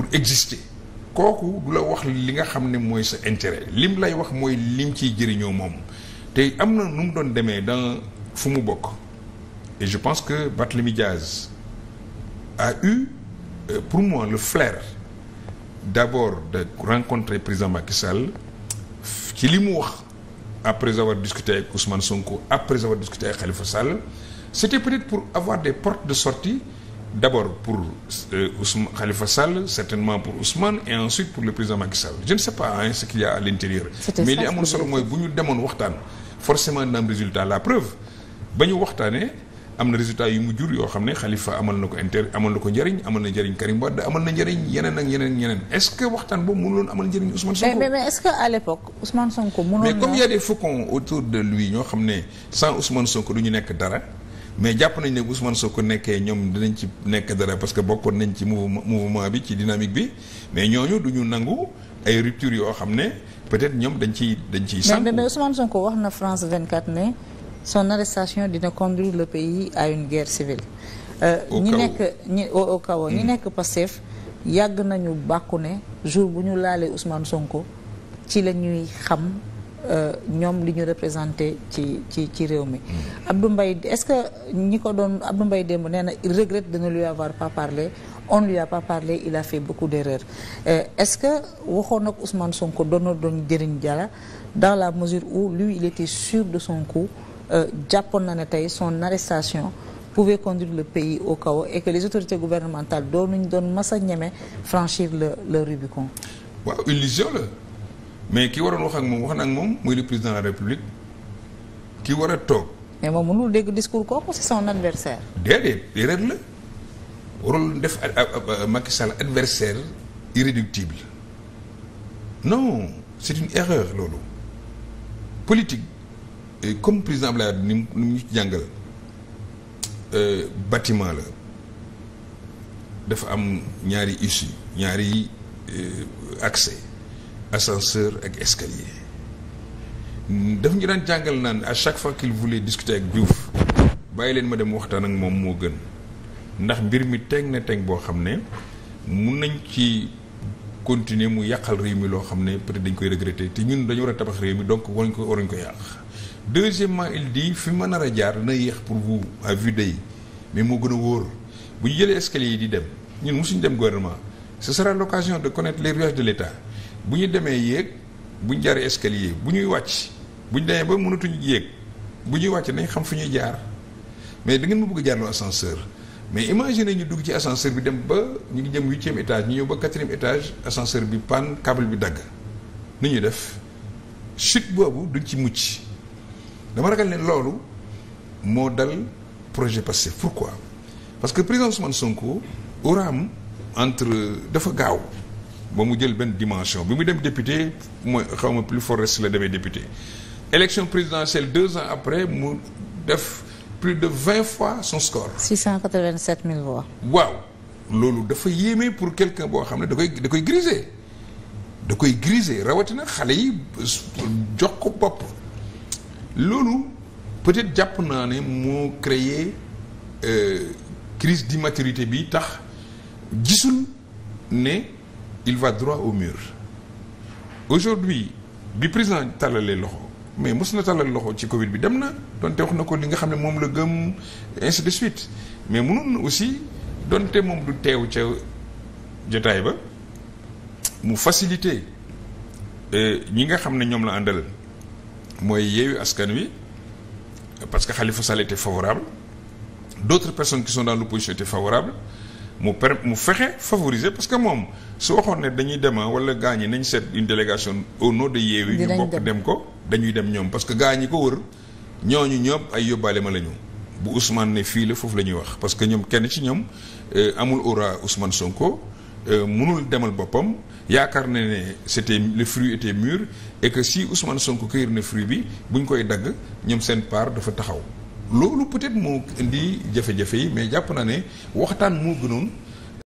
pour exister kooku du la wax li nga xam ne mooy sa intérêt lim lay wax mooy lim ciy jëriñoo moom te am na nu mu doon demee dans fu mu bokk et je pense que Barthélémy Diaz a eu euh, pour moi le flair d'abord de rencontrer président Macky Sall ci li mu wax après avoir discuté avec Ousmane Sonko après avoir discuté avec Khalifa Sall c'était peut-être pour avoir des portes de sortie d'abord pour euh, Ousmane Khalifa certainement pour Ousmane et ensuite pour le président Macky Sall je ne sais pas hein, ce a à l'intérieur mais li amoon solo mooy bu ñu demoon waxtaan forcément dina am résultat la preuve ba ñu waxtaanee am na résultat yu mu jur yoo xam ne Khalifa amal na ko inter amal na ko njëriñ amal na njëriñ Karim Wade amal na njëriñ yeneen ak yeneen yeneen est-ce que waxtaan boobu mënuloon amal njëriñ Ousmane Sonko. mais mais est-ce que à l'époque a des faucons autour de Sonko du ñu nekk dara. mais jàpp nañ ne Ousmane Sonko nekkee ñoom dinañ ci nekk dara parce que bokkoon nañ ci mouvement mouvement bi ci dynamique bi mais ñooñu du ñu nangu ay ruptures yoo xam ne peut-être ñoom dañ ci dañ ciy. sànq mais mais Ousmane wax na France 24 ne son arrestation dina conduire le pays à une guerre civile. Euh, ñi nekk ñi au kaw ñi mm. nekk Pastef yàgg nañu bàkku ne jour bu ñu laalee Ousmane Sonko ci la ñuy xam. Euh, ñoom li ñu représenté ci ci ci réew mi. Mm. Abdou mbay est-ce que ñi ko doon Abdou mbay démb nee na il regrette de ne lui avoir pas parlé on lui a pas parlé il a fait beaucoup d'erreurs euh, est-ce que waxoon ak Ousmane Sonko doon na doon jëriñ Diala dans la mesure où lui il était sûr de son coup euh, jàppoon na ne tey son arrestation pouvait conduire le pays au chaos et que les autorités gouvernementales doonuñ doon mas a ñeme franchir le le Rubicon. waaw illusion la. mais ki waroon wax ak moom wax na ak moom muy le président de la république ki war a toog. mais moom mënul dégg discours kooku c'est son adversaire. déedéet erreur la warul def Macky Sall adversaire irréductible non c'est une erreur loolu politique comme président Abdoulaye ni mu ni mu ñu jàngal euh, batiment la dafa am ñaari issue ñaari euh, accès. ascenseur ak escalier daf ñu daan jàngal naan a chaque fois qu'il voulait discuter ak Diouf bàyyi leen ma dem waxtaan ak moom moo gën ndax mbir mi teg na teg boo xam ne mun nañ ci continuer mu yàqal réew mi loo xam ne peut-être dañ koy regretter te ñun dañu war a tabax réew mi donc waruñ ko waruñ ko yàq deuxièmement il di fi ma nar a jaar na yéex pour vous à vue mais moo gën a wóor bu ñu jëlee escalier yi di dem ñun mosuñu dem gouvernement ce sera l'occasion de connaître les rouages de l'État bu ñu demee yéeg bu ñu jaree escalier bu ñuy wàcc bu ñu demee ba mënatuñu yéeg bu ñuy wàcc nañ xam fu ñuy jaar mais da ngeen ma bëgg a jaarloo ascenseur mais imaginez ñu dugg ci ascenseur bi dem ba ñu ngi jëm huitième étage ñu ñëw ba quatrième étage ascenseur bi panne câble bi dagg ni ñu def chute boobu duñ ci mucc dama ragal ne loolu moo dal projet Pastef pourquoi parce que président Ousmane Sonko oraam entre dafa gaaw ba mu jël benn dimension bi mu dem député mooy xaw ma plus for reste la demee député élection présidentielle deux ans après mu def plus de vingt fois son score. six cent quatre vingt waaw loolu dafa yéeme pour quelque boo xam ne da koy da koy griser da koy griser rawatina xale yi jox ko bopp loolu peut-être jàpp naa ne moo créer euh, crise d'immaturité bi tax gisul ne. il va droit au mur aujourd'hui bi président tàllalee loxo mais mos na loxo ci Covid bi dem na donte wax na ko li nga xam ne moom la gëm ainsi de suite mais mënoon na aussi donte moom du teew ca jotaay ba mu faciliter euh, ñi nga xam ne ñoom la àndal mooy yeewu askan wi parce que Khalifa Sall était favorable d'autres personnes qui sont dans l'opposition étaient favorables mu per mu fexe favoriser parce que moom su waxoon ne dañuy dem ah wala gaa ñi nañ seet une délégation au nom de Yewwi ñu bokk dem ko dañuy dem ñoom parce que gaa ñi ko wër ñu ñëpp ay yóbbaale ma la ñu bu Ousmane ne fii la foofu la ñuy wax parce que ñoom kenn ci ñoom euh, amul aura Ousmane Sonko euh, mënul demal boppam yaakaar na ne c'était le fruit était mûr et que si Ousmane Sonko cueillir na fruit bi buñ koy dagg ñoom seen part dafa taxaw loolu peut-être moo indi jafe-jafe yi mais jàpp na ne waxtaan moo gënoon